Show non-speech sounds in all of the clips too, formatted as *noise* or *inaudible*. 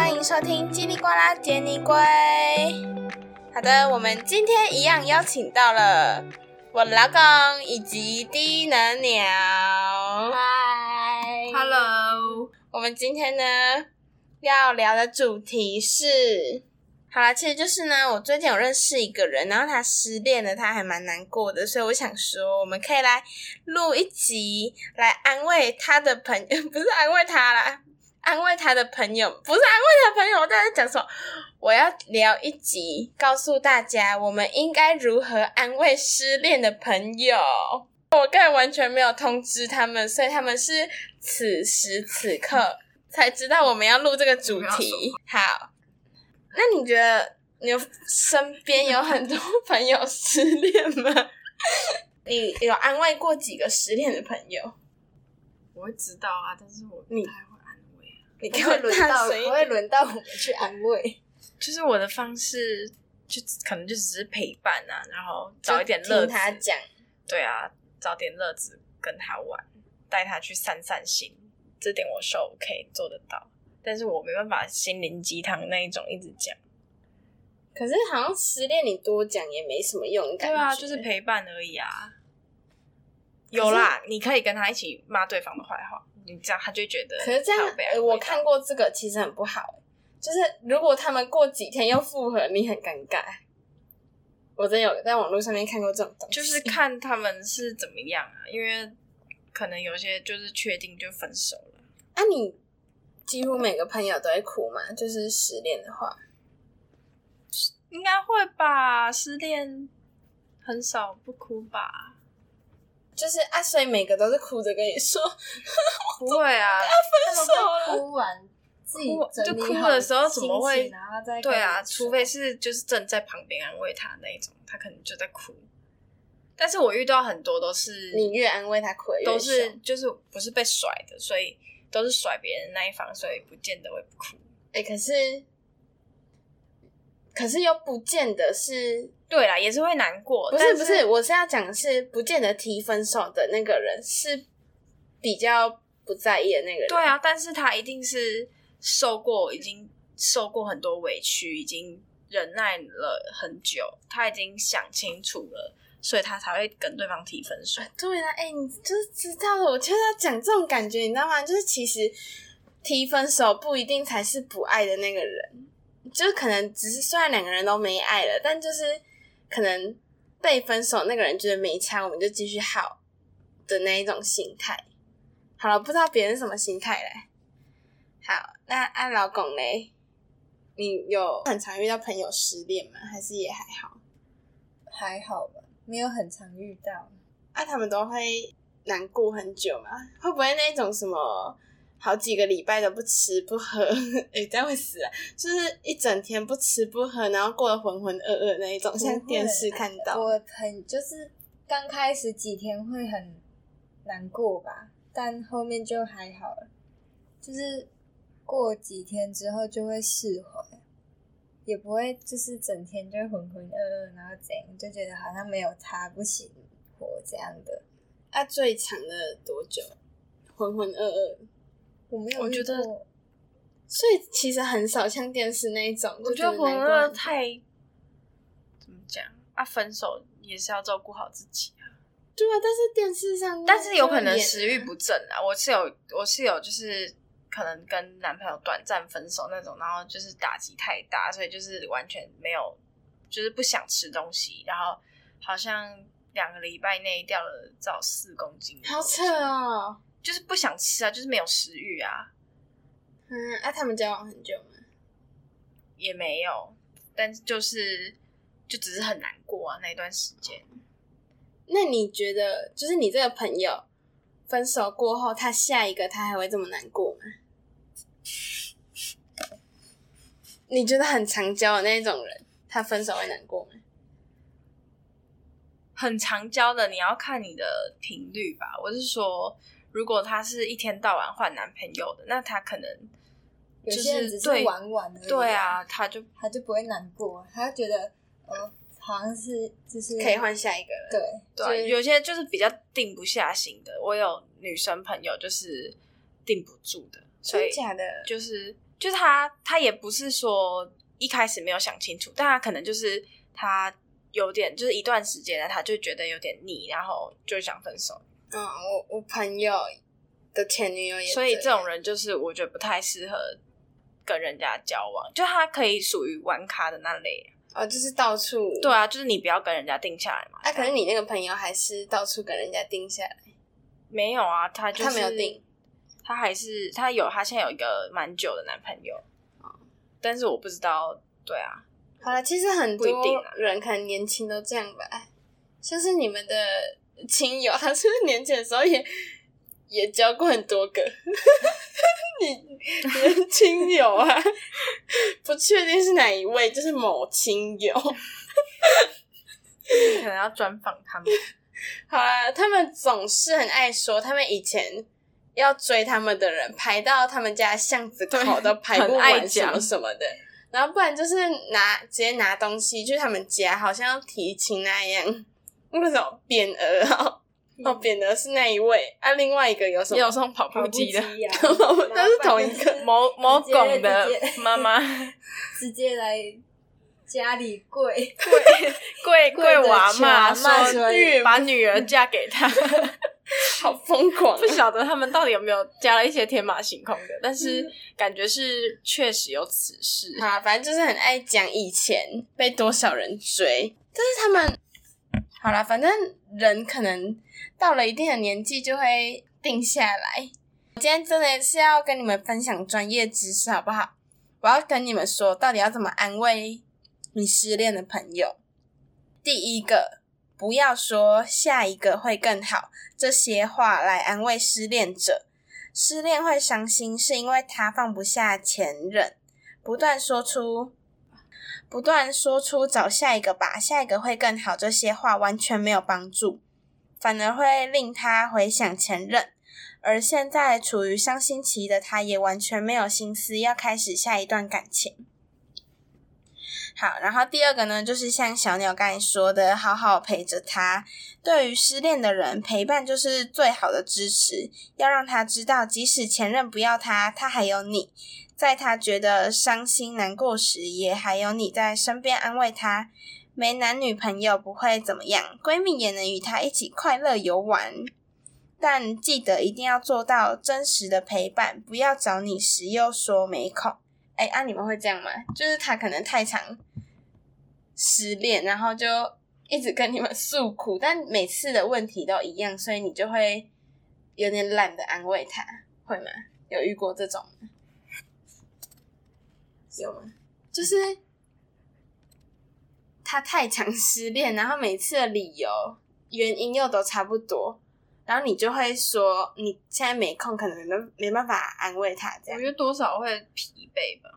歡迎收聽嘰里呱啦傑尼龜。好的，我們今天一樣邀請到了我老公以及低能鳥。Hi，Hello。我們今天呢要聊的主題是，好啦，其實就是呢，我最近有認識一個人，然後他失戀了，他還蠻難過的，所以我想說，我們可以來錄一集來安慰他的朋友，不是安慰他啦。安慰他的朋友，不是安慰他的朋友，我在這講說我要聊一集，告訴大家我們應該如何安慰失戀的朋友。我剛才完全沒有通知他們，所以他們是此時此刻才知道我們要錄這個主題。好，那你覺得你身邊有很多朋友失戀嗎？你有安慰過幾個失戀的朋友？我會知道啊，但是我你。你不會輪到，不會輪到我們去安慰。就是我的方式，就可能就只是陪伴啊，然後找一點樂子。聽他講，對啊，找點樂子跟他玩，帶他去散散心，這點我是 ok 可以做得到。但是我沒辦法心靈雞湯那一種一直講。可是好像失戀，你多講也沒什麼用感覺，對啊，就是陪伴而已啊。有啦，可你可以跟他一起罵對方的壞話。你知道他就覺得，可是這樣，我看過這個其實很不好，就是如果他們過幾天又復合，你很尷尬。我真有在網絡上面看過這種，就是看他們是怎麼樣啊，因為可能有些就是確定就分手了，嗯。那、啊、你幾乎每個朋友都會哭嘛？就是失戀的話，應該會吧？失戀很少不哭吧？就是啊，所以每個都是哭着跟你說，不會 *laughs* 對啊，突然自己好哭就哭的時候，怎麼會、啊？對啊，除非是就是正在旁邊安慰他那一種，他可能就在哭。但是我遇到很多都是你越安慰他哭越越，都是就是不是被甩的，所以都是甩別人的那一方，所以不見得會哭。哎、欸，可是可是又不見得是。對啦，也是會難過。不是，但是不是，我是要講的是，不見得提分手的那個人是比較不在意的那個人。對啊，但是他一定是受過，已經受過很多委屈，已經忍耐了很久，他已經想清楚了，所以他才會跟對方提分手。對啊，哎、欸，你就知道了，我就是要講這種感覺，你知道嗎？就是其實提分手不一定才是不愛的那個人，就是可能只是雖然兩個人都沒愛了，但就是。可能被分手那個人覺得沒差，我們就繼續好的那一種心態。好了，不知道別人什麼心態嘞。好，那阿、啊、勞供嘞，你有很常遇到朋友失戀嗎？還是也還好？還好吧，沒有很常遇到。那、啊、他們都會難過很久嗎？會不會那種什麼？好幾個禮拜都不吃不喝，哎、欸，這樣會死啊！就是一整天不吃不喝，然後過得渾渾噩噩那一種，像電視看到。渾渾我很，就是剛開始幾天會很難過吧，但後面就還好，就是過幾天之後就會釋懷，也不會就是整天就渾渾噩噩，然後怎樣，就覺得好像沒有他不行活這樣的。那、啊、最長的多久？渾渾噩噩。我沒有我覺得，所以其實很少像電視那一種。我覺得我們太怎麼講啊？分手也是要照顧好自己啊。對啊，但是電視上，但是有可能食欲不振啊。我是有，我是有，就是可能跟男朋友短暫分手那種，然後就是打擊太大，所以就是完全沒有，就是不想吃東西，然後好像兩個禮拜內掉了至少四公斤，好扯啊、哦！就是不想吃啊，就是沒有食慾啊。嗯，那，啊，他們交往很久嗎？也沒有，但是就是就只是很難過啊，那一段時間。那你覺得，就是你這個朋友分手過後，他下一個他還會這麼難過嗎？你覺得很常交的那種人，他分手會難過嗎？很常交的，你要看你的頻率吧。我是說。如果他是一天到晚換男朋友的，那他可能有些人只是玩玩而已，對啊，他就他就不會難過，他覺得呃、哦、好像是就是可以換下一個人，對對、就是，有些就是比較定不下心的。我有女生朋友就是定不住的，所以、就是、假的就是就是他他也不是說一開始沒有想清楚，但他可能就是他有點就是一段時間呢，他就覺得有點膩，然後就想分手。嗯、哦，我我朋友的前女友也，所以這種人就是我覺得不太適合跟人家交往，就他可以屬於玩咖的那類哦，就是到處，對啊，就是你不要跟人家定下來嘛。哎、啊，可是你那個朋友還是到處跟人家定下來？沒有啊，他就他沒有定，還他還是他有，他現在有一個蠻久的男朋友、嗯、但是我不知道。對啊，好啦，其實很多不一定人可能年輕都這樣吧，就是你們的。親友他是不是年輕的時候也也交過很多個？ *laughs* 你，親友啊，不確定是哪一位，就是某親友、 *laughs* 嗯，可能要專訪他們。好啊，他們總是很愛說，他們以前要追他們的人排到他們家巷子口都排不完什麼什麼的。然後不然就是拿直接拿東西去他們家，好像要提親那樣。為什麼匾額啊？哦嗯？哦，匾額是那一位啊，另外一個有什麼？有送跑步機的。都、啊嗯、是同一個某某公的媽媽，直接來家裡跪跪跪跪娃嘛，把女兒嫁給他，嗯、 *laughs* 好瘋狂、啊！ *laughs* 不曉得他們到底有沒有加了一些天馬行空的，但是感覺是確實有此事啊。嗯、他反正就是很愛講以前被多少人追，但是他們。好啦，反正人可能到了一定的年紀就會定下來。今天真的是要跟你們分享專業知識，好不好？我要跟你們說，到底要怎麼安慰你失戀的朋友。第一個，不要說“下一個會更好”這些話來安慰失戀者。失戀會傷心，是因為他放不下前任，不斷說出。不斷說出找下一個吧，下一個會更好，這些話完全沒有幫助，反而會令他回想前任。而現在處於傷心期的他，也完全沒有心思要開始下一段感情。好，然後第二個呢，就是像小鳥剛才說的，好好陪着他。對於失戀的人，陪伴就是最好的支持。要讓他知道，即使前任不要他，他還有你。在她覺得傷心難過時，也還有你在身邊安慰她。沒男女朋友不會怎麼樣，閨蜜也能與她一起快樂遊玩。但記得一定要做到真實的陪伴，不要找你時又說沒空。哎、欸、啊，你們會這樣嗎？就是她可能太常失戀，然後就一直跟你們訴苦，但每次的問題都一樣，所以你就會有點懶得安慰她，會嗎？有遇過這種嗎？有就是他太常失戀，然後每次的理由原因又都差不多，然後你就會說你現在沒空，可能沒沒辦法安慰他。這樣我覺得多少會疲憊吧。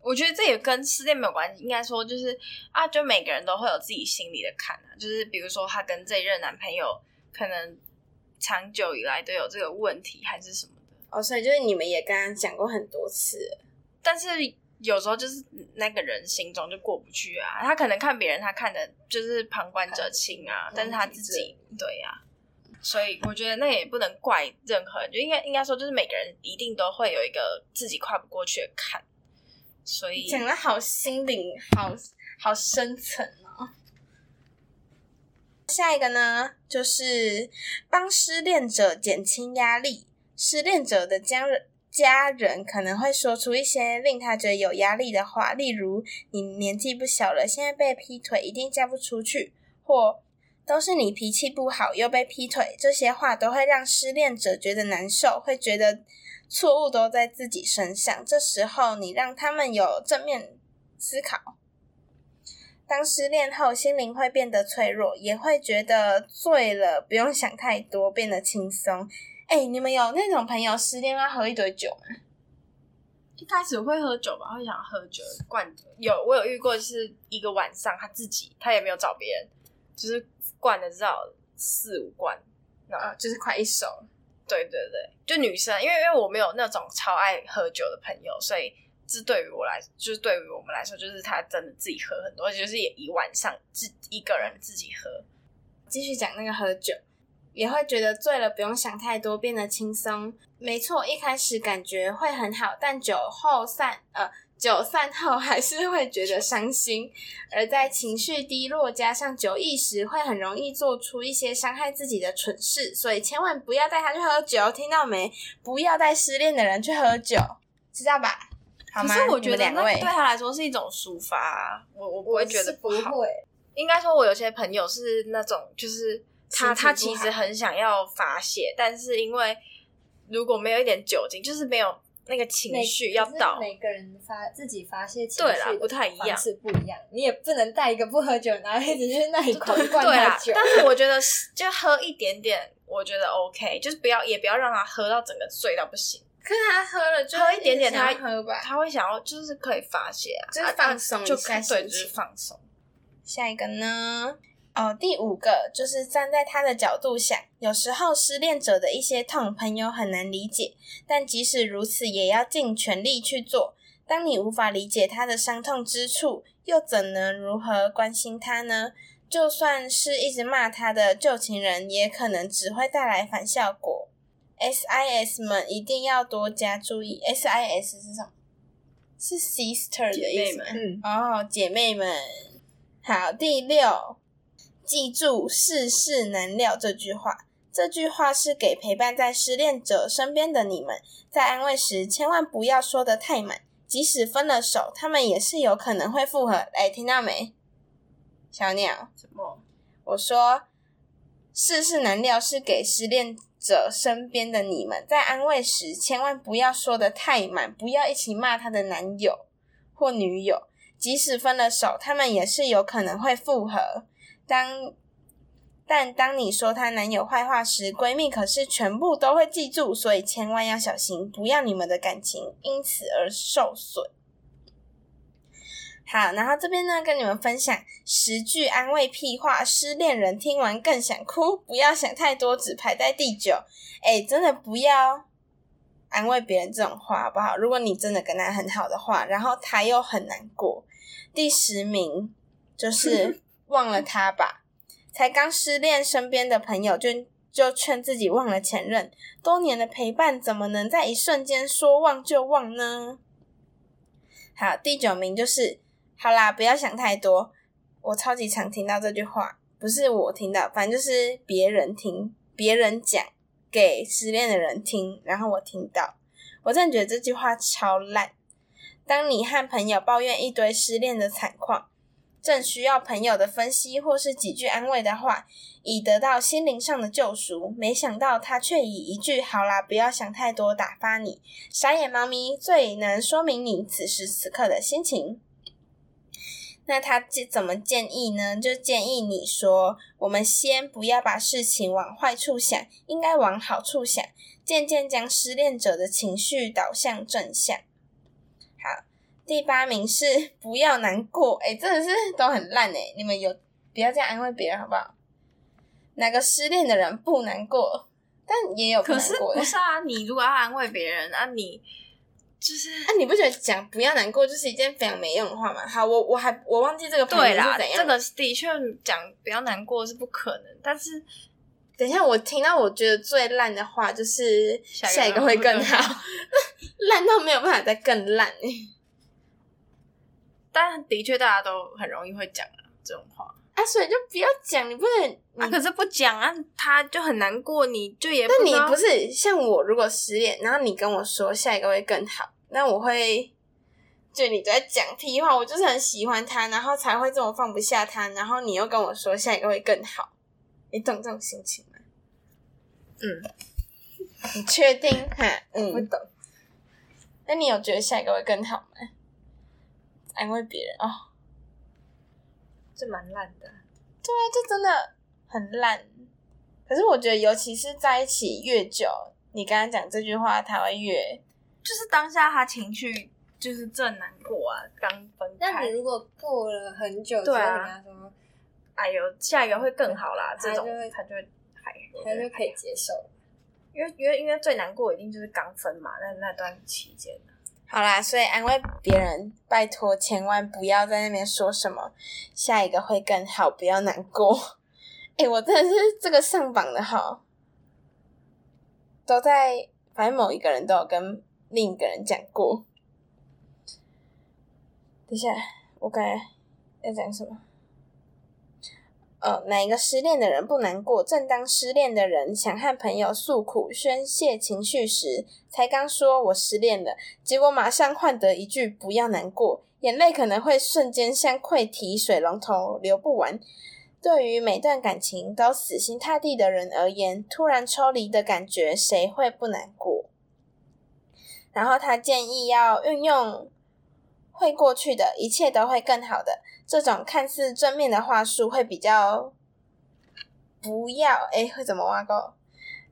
我覺得這也跟失戀沒有關係，應該說就是啊，就每個人都會有自己心裡的坎啊。就是比如說他跟這一任男朋友可能長久以來都有這個問題，還是什麼的。哦，所以就是你們也跟他講過很多次，但是。有時候就是那個人心中就過不去啊，他可能看別人，他看的就是旁觀者清啊，嗯、但是他自己對呀、啊，所以我覺得那也不能怪任何人，就應該應該說就是每個人一定都會有一個自己跨不過去的坎，所以講的好，好，心靈好好深層哦。下一個呢，就是幫失戀者減輕壓力，失戀者的家人。家人可能會說出一些令他覺得有壓力的話，例如“你年紀不小了，現在被劈腿一定嫁不出去”或“都是你脾氣不好又被劈腿”，這些話都會讓失戀者覺得難受，會覺得錯誤都在自己身上。這時候，你讓他們有正面思考。當失戀後，心靈會變得脆弱，也會覺得醉了，不用想太多，變得輕鬆。哎、欸，你們有那種朋友失戀了喝一堆酒嗎？一開始會喝酒吧，會想喝酒的灌酒。有，我有遇過就是一個晚上，他自己他也沒有找別人，就是灌了至少四五罐、啊，然後就是快一手。對對對，就女生，因為因為我沒有那種超愛喝酒的朋友，所以這對於我來就是對於我們來說，就是他真的自己喝很多，就是也一晚上自一個人自己喝。繼續講那個喝酒。也會覺得醉了，不用想太多，變得輕鬆。沒錯，一開始感覺會很好，但酒後散，呃，酒散後還是會覺得傷心。而在情緒低落加上酒意時，會很容易做出一些傷害自己的蠢事。所以千萬不要帶他去喝酒，聽到沒？不要帶失戀的人去喝酒，知道吧？好嗎？可是我覺得你們兩那對他來說是一種抒發、啊、我我不會覺得不好。應該說，我有些朋友是那種就是。情情他他其實很想要發洩，但是因為如果沒有一點酒精，就是沒有那個情緒要倒每個人發自己發洩情緒，對，不太一樣，是不一樣。你也不能帶一個不喝酒男孩子去那一口灌，對對啊， *laughs* 但是我覺得就喝一點點，我覺得 OK， *laughs* 就是不要也不要讓他喝到整個醉到不行。可是他喝了，就喝就一點點他會喝吧，他會想要就是可以發洩、啊，就是放鬆就下，對、啊，就是放鬆。下一個呢？哦，第五個就是站在他的角度想，有時候失戀者的一些痛，朋友很難理解。但即使如此，也要盡全力去做。當你無法理解他的傷痛之處，又怎能如何關心他呢？就算是一直罵他的舊情人，也可能只會帶來反效果。SIS 們一定要多加注意。SIS 是什麼？是 sister 的意思，姐妹們。哦，姐妹們。好，第六。記住“世事難料”這句話，這句話是給陪伴在失戀者身邊的你們。在安慰時，千萬不要說得太滿。即使分了手，他們也是有可能會復合。來，聽到沒？小鳥，什麼？我說“世事難料”是給失戀者身邊的你們。在安慰時，千萬不要說得太滿，不要一起罵他的男友或女友。即使分了手，他們也是有可能會復合。當但當你說她男友壞話時，閨蜜可是全部都會記住，所以千萬要小心，不要你們的感情因此而受損。好，然後這邊呢，跟你們分享十句安慰屁話，失戀人聽完更想哭。不要想太多，只排在第九。哎、欸，真的不要安慰別人這種話，好不好？如果你真的跟他很好的話，然後他又很難過。第十名就是。 *laughs* 忘了他吧，才剛失戀，身邊的朋友就就勸自己忘了前任，多年的陪伴怎麼能在一瞬間說忘就忘呢？好，第九名就是，好啦，不要想太多。我超級常聽到這句話，不是我聽到，反正就是別人聽，別人講給失戀的人聽，然後我聽到。我真的覺得這句話超爛。當你和朋友抱怨一堆失戀的慘況。正需要朋友的分析，或是幾句安慰的話，以得到心靈上的救贖。沒想到他卻以一句“好啦，不要想太多”打發你。傻眼貓咪最能說明你此時此刻的心情。那他怎麼建議呢？就建議你說：“我們先不要把事情往壞處想，應該往好處想，漸漸將失戀者的情緒導向正向。”第八名是不要難過，誒、欸、真的是都很爛誒、欸、你們有不要這樣安慰別人好不好？哪個失戀的人不難過？但也有不難過的，可是不是啊，你如果要安慰別人啊，你就是啊，你不覺得講不要難過就是一件非常沒用的話嗎？好，我我還我忘記這個對啦是怎樣。這個的確講不要難過是不可能，但是等一下我聽到我覺得最爛的話，就是下一個會更好，爛 *laughs* 到沒有辦法再更爛。但的確，大家都很容易會講、啊、這種話啊，所以就不要講。你不能那、啊、可是不講啊，他就很難過。你就也不知道，那你不是像我，如果失戀，然後你跟我說下一個會更好，那我會就你都在講屁話。我就是很喜歡他，然後才會這麼放不下他，然後你又跟我說下一個會更好，你懂這種心情嗎？嗯，你確定？哈，嗯，我懂。那你有覺得下一個會更好嗎？安慰別人哦，這蠻爛的。對啊，這真的很爛。可是我覺得，尤其是在一起越久，你剛剛講這句話，他會越就是當下他情緒就是最難過啊。剛分開，但你如果過了很久之後，跟、啊、他人家說：“哎呦，下一個會更好啦。”這種他就會，還他就可以接受。因為因為因為最難過一定就是剛分嘛。那那段期間好啦，所以安慰別人，拜託千萬不要在那邊說什麼“下一個會更好”，不要難過。哎、欸，我真的是這個上榜的齁，都在，反正某一個人都有跟另一個人講過。等一下，我感覺要講什麼？呃，哪個失戀的人不難過？正當失戀的人想和朋友訴苦、宣洩情緒時，才剛說“我失戀了”，結果馬上換得一句“不要難過”，眼淚可能會瞬間像潰堤水龍頭流不完。對於每段感情都死心塌地的人而言，突然抽離的感覺，誰會不難過？然後他建議要運用“會過去的一切都會更好”的。這種看似正面的話術會比較不要哎、欸，會怎麼挖溝？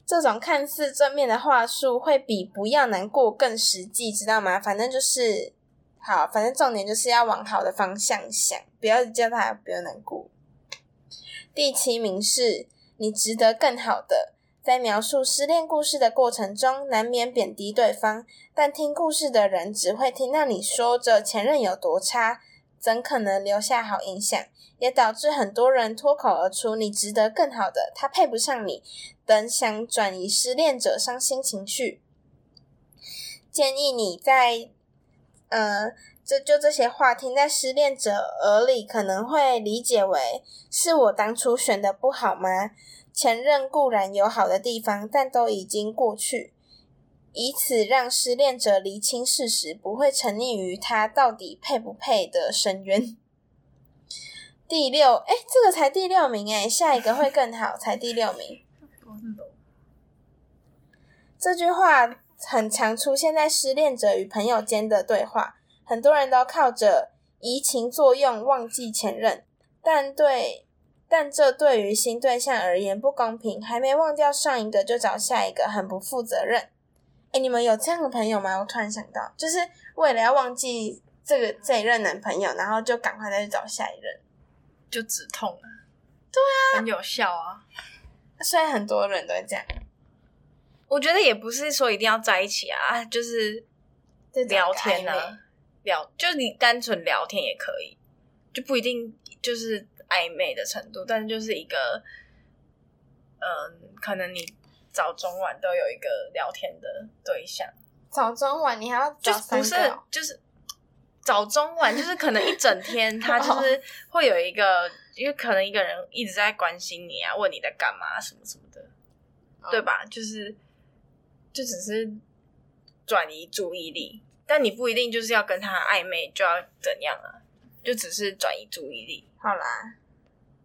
這種看似正面的話術會比不要難過更實際，知道嗎？反正就是好，反正重點就是要往好的方向想，不要叫他不要難過。第七名是你值得更好的。在描述失戀故事的過程中，難免貶低對方，但聽故事的人只會聽到你說着前任有多差。怎可能留下好印象？也導致很多人脫口而出：“你值得更好的，他配不上你，”等想轉移失戀者傷心情緒。建議你在，呃，這就，就這些話聽在失戀者耳裡，可能會理解為是我當初選的不好嗎？前任固然有好的地方，但都已經過去。以此讓失戀者釐清事實，不會沉溺於他到底配不配的深淵。第六，哎，這個才第六名哎，下一個會更好，才第六名。 *laughs* 這句話很常出現在失戀者與朋友間的對話，很多人都靠着移情作用忘記前任，但對，但這對於新對象而言不公平，還沒忘掉上一個就找下一個，很不負責任。哎、欸，你們有這樣的朋友嗎？我突然想到，就是為了要忘記這個這一任男朋友，然後就趕快再去找下一任，就止痛了。對啊，很有效啊。雖然很多人都會這樣。我覺得也不是說一定要在一起啊，就是聊天啊，聊就是你單純聊天也可以，就不一定就是曖昧的程度，但是就是一個，嗯、呃，可能你。早中晚都有一個聊天的對象。早中晚你還要找三個？就不是，就是早中晚，就是可能一整天，他就是會有一個、 *laughs* 哦，因為可能一個人一直在關心你啊，問你在幹嘛什麼什麼的，哦、對吧？就是就只是轉移注意力，但你不一定就是要跟他曖昧就要怎樣啊，就只是轉移注意力，好啦。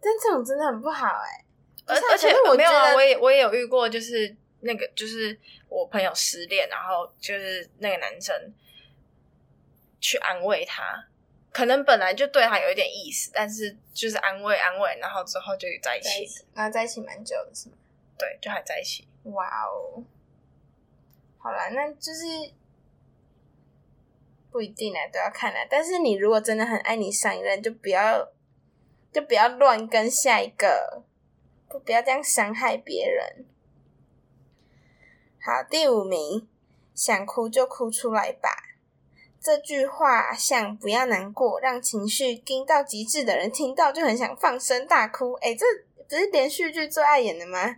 但這種真的很不好哎、欸。而而且我沒有啊，我也我也有遇過，就是那個就是我朋友失戀，然後就是那個男生去安慰他，可能本來就對他有一點意思，但是就是安慰安慰，然後之後就在一起，然後在一起蠻、啊、久的是嗎？對，就還在一起。哇哦！好啦，那就是不一定呢、啊，都要看的、啊。但是你如果真的很愛你上一任，就不要就不要亂跟下一個。不，不要這樣傷害別人。好，第五名，想哭就哭出來吧。這句話像不要難過，讓情緒驚到極致的人聽到就很想放聲大哭。誒，這不是連續劇最愛演的嗎？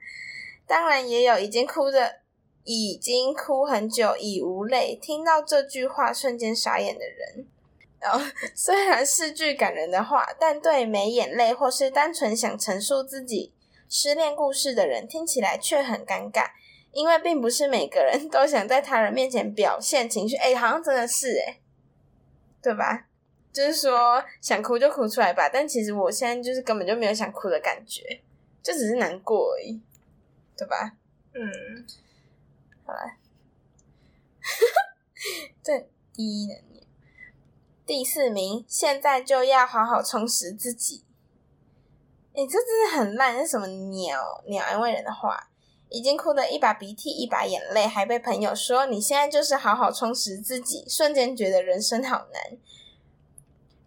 當然也有已經哭着，已經哭很久已無淚，聽到這句話瞬間傻眼的人。哦，雖然是句感人的話，但對沒眼淚或是單純想陳述自己失戀故事的人聽起來卻很尷尬，因為並不是每個人都想在他人面前表現情緒。哎、欸，好像真的是哎、欸，對吧？就是說，想哭就哭出來吧。但其實我現在就是根本就沒有想哭的感覺，就只是難過而已，對吧？嗯，好了，哈哈，這第一能力。第四名，現在就要好好充實自己。你、欸、這真的很爛！那什麼鳥鳥安慰人的話？已經哭得一把鼻涕一把眼淚，還被朋友說你現在就是好好充實自己，瞬間覺得人生好難。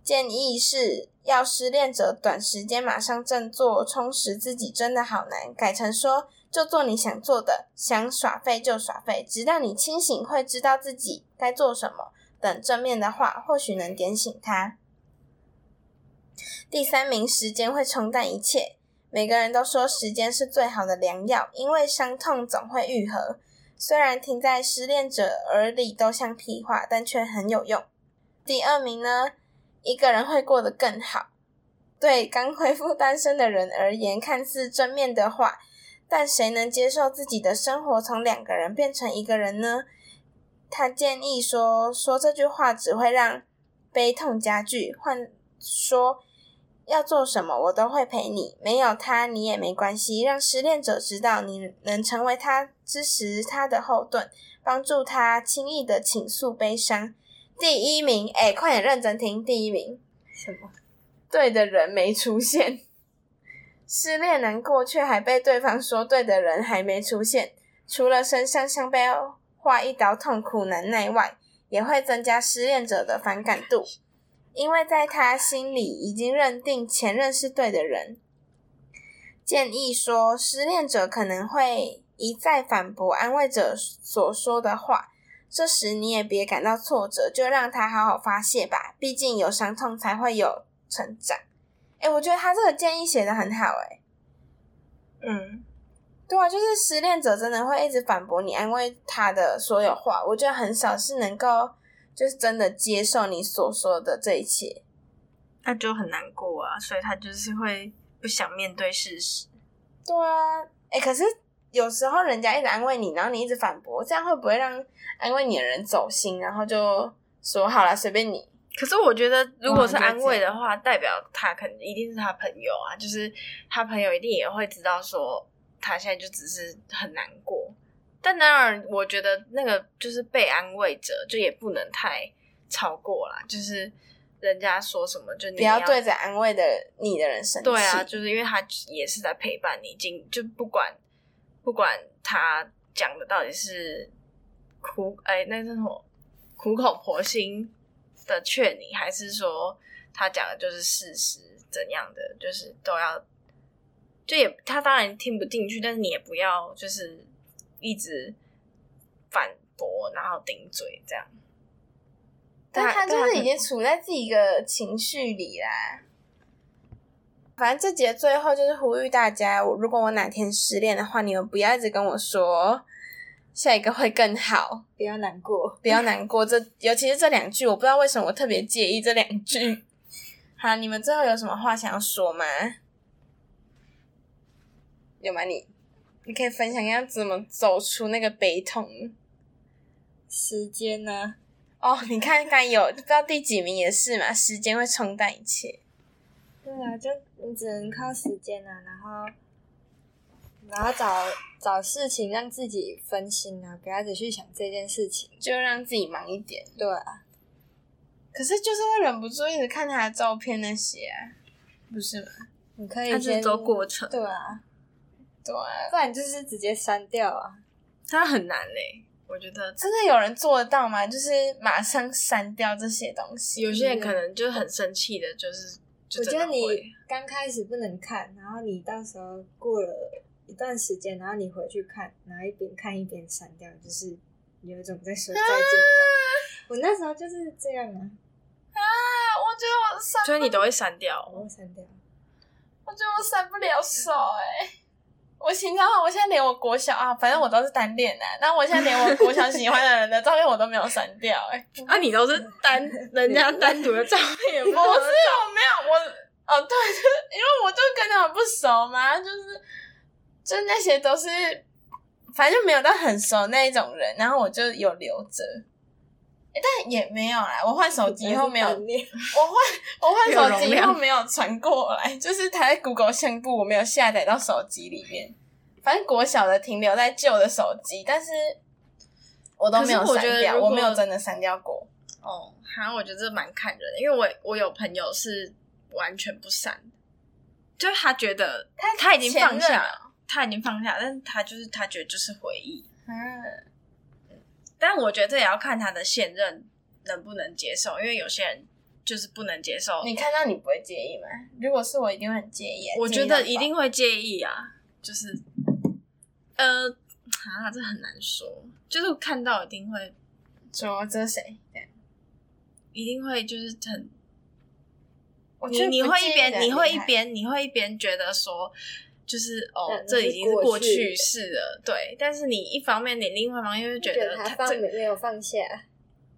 建議是要失戀者短時間馬上振作，充實自己真的好難。改成說，就做你想做的，想耍廢就耍廢，直到你清醒會知道自己該做什麼。等正面的話，或許能點醒他。第三名，時間會沖淡一切。每個人都說時間是最好的良藥，因為傷痛總會癒合。雖然聽在失戀者耳裡都像屁話，但卻很有用。第二名呢，一個人會過得更好。對剛恢復單身的人而言，看似正面的話，但誰能接受自己的生活從兩個人變成一個人呢？他建議說，說這句話只會讓悲痛加劇。換說。要做什麼，我都會陪你。沒有他，你也沒關係。讓失戀者知道，你能成為他支持他的後盾，幫助他輕易的傾訴悲傷。第一名，哎、欸，快點認真聽。第一名，什麼？對的人沒出現， *laughs* 失戀難過卻還被對方說，對的人還沒出現。除了身上像被劃一刀，痛苦難耐外，也會增加失戀者的反感度。 *laughs* 因為在他心裡已經認定前任是對的人，建議說失戀者可能會一再反駁安慰者所說的話，這時你也別感到挫折，就讓他好好發洩吧，畢竟有傷痛才會有成長。誒，我覺得他這個建議寫得很好。欸，誒嗯，對啊，就是失戀者真的會一直反駁你安慰他的所有話，我覺得很少是能夠。就是真的接受你所說的這一切，那就很難過啊，所以他就是會不想面對事實。對啊，誒，可是有時候人家一直安慰你，然後你一直反駁，這樣會不會讓安慰你的人走心？然後就說好了，隨便你。可是我覺得，如果是安慰的話，代表他肯定一定是他朋友啊，就是他朋友一定也會知道說，他現在就只是很難過。但然而，我覺得那個就是被安慰者，就也不能太超過啦，就是人家說什麼，就你要不要對着安慰的你的人生氣？對啊，就是因為他也是在陪伴你已經，就不管不管他講的到底是苦哎、欸，那種苦口婆心的勸你，還是說他講的就是事實怎樣的，就是都要。就也他當然聽不進去，但是你也不要就是。一直反駁，然後頂嘴這樣但，但他就是已經處在自己一個情緒裡啦。反正這集最後就是呼籲大家，如果我哪天失戀的話，你們不要一直跟我說下一個會更好，不要難過，不要難過。 *laughs* 這尤其是這兩句，我不知道為什麼我特別介意這兩句。好，你們最後有什麼話想要說嗎？有嗎你？你可以分享一下怎麼走出那個悲痛時間呢、啊？哦、oh,，你看，看，應該有不知道第幾名也是嘛。時間會沖淡一切。對啊，就你只能靠時間了、啊，然後，然後找找事情讓自己分心啊，不要只去想這件事情，就讓自己忙一點。對啊。可是就是會忍不住一直看他的照片那些、啊，不是嗎？你可以，那是走過程。對啊。對、啊，不然就是直接刪掉啊。他很難嘞，欸，我覺得真的有人做得到嗎？就是馬上刪掉這些東西。有些人可能就很生氣的、就是，就是我覺得你剛開始不能看，然後你到時候過了一段時間，然後你回去看，然後一邊看一邊刪掉，就是有一種在說再見的、啊、我那時候就是這樣啊啊！我覺得我刪，所以你都會刪掉，哦、我會刪掉。我覺得我刪不了手哎、欸。我平常啊，我現在連我國小啊，反正我都是單戀的。那我現在連我國小喜歡的人的照片我都沒有刪掉、欸，誒 *laughs* 那、啊、你都是單人家單獨的照片嗎？不 *laughs* 是，我沒有，我哦、對、就是，因為我就跟他們不熟嘛，就是就那些都是，反正就沒有到很熟那一種人，然後我就有留着。欸，但也沒有啦，我換手機以後沒有我換我換手機以後沒有傳過來，就是它在 Google 相簿，我沒有下載到手機裡面。反正國小的停留在舊的手機，但是我都沒有刪掉，我覺得，我沒有真的刪掉過。哦，哈，啊，我覺得蠻看人的，因為我我有朋友是完全不刪，就是他覺得他他已經放下，他，他已經放下了，他已經放下了，但是他就是他覺得就是回憶，嗯，啊。但我覺得也要看他的現任能不能接受，因為有些人就是不能接受。你看到你不會介意嗎？如果是我，一定會很介意啊。我覺得一定會介意啊，意就是，呃啊，啊，這很難說。就是看到一定會說這誰？對，一定會就是很，我覺得你會一邊你會一邊你會一邊覺得說。就是哦，這，這已經是過去式了去，對。但是你一方面，你另外一方面又會覺得他，這覺得他沒有放下，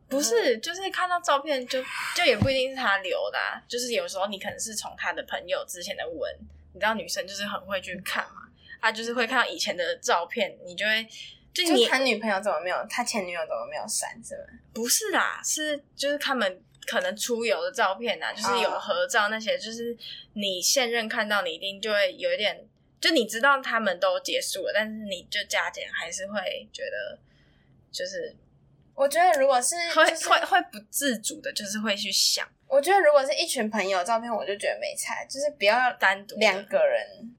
不是？嗯、就是看到照片就就也不一定是他留的、啊，就是有時候你可能是從他的朋友之前的文，你知道女生就是很會去看嘛，啊，就是會看到以前的照片，你就會就他女朋友怎麼沒有，他前女友怎麼沒有刪？是嗎？不是啦，是就是他們可能出遊的照片吶、啊，就是有合照那些、哦，就是你現任看到你一定就會有一點。就你知道他們都結束了，但是你就加減還是會覺得，就是我覺得如果是、就是、會會會不自主的，就是會去想。我覺得如果是一群朋友照片，我就覺得沒差，就是不要單獨兩個人，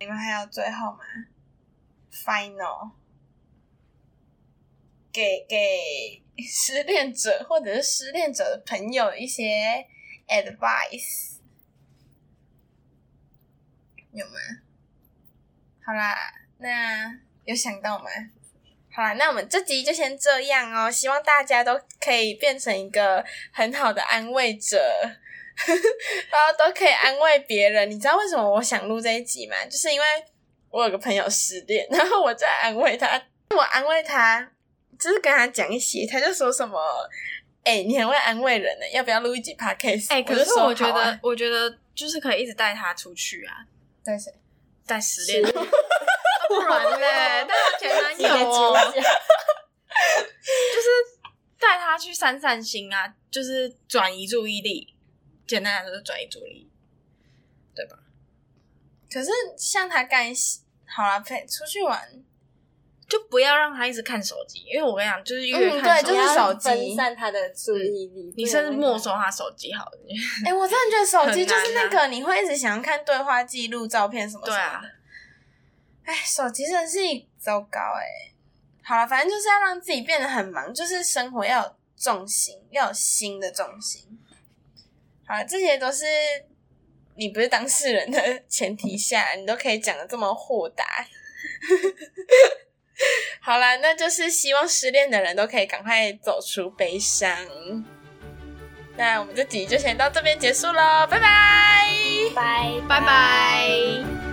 你們還有最後嗎？Final，給給失戀者或者是失戀者的朋友一些 advice，有嗎？好啦，那有想到嗎？好啦，那我們這集就先這樣哦、喔。希望大家都可以變成一個很好的安慰者， *laughs* 然後都可以安慰別人。你知道為什麼我想錄這一集嗎？就是因為我有個朋友失戀，然後我在安慰他，我安慰他就是跟他講一些，他就說什麼：“哎、欸，你很會安慰人呢，要不要錄一集 podcast？” 哎、欸，可是我覺得、啊，我覺得就是可以一直帶他出去啊，帶誰？帶失戀，不然嘞？帶他前男友， *laughs* 就是帶他去散散心啊，就是轉移注意力，簡單來說是轉移注意力，對吧？可是像他剛好了，可以出去玩。就不要讓他一直看手機，因為我跟你講、嗯，就是因為是手機分散他的注意力。你甚至沒收他手機好了。哎，我真的、 *laughs* 欸、覺得手機就是那個，你會一直想要看對話記錄、照片什麼什麼的。哎、啊，手機真的是糟糕哎、欸。好了，反正就是要讓自己變得很忙，就是生活要有重心，要有新的重心。好了，這些都是你不是當事人的前提下，你都可以講得這麼豁達。 *laughs* 好啦，那就是希望失戀的人都可以趕快走出悲傷。那我們這集就先到這邊結束咯，拜拜拜拜。拜拜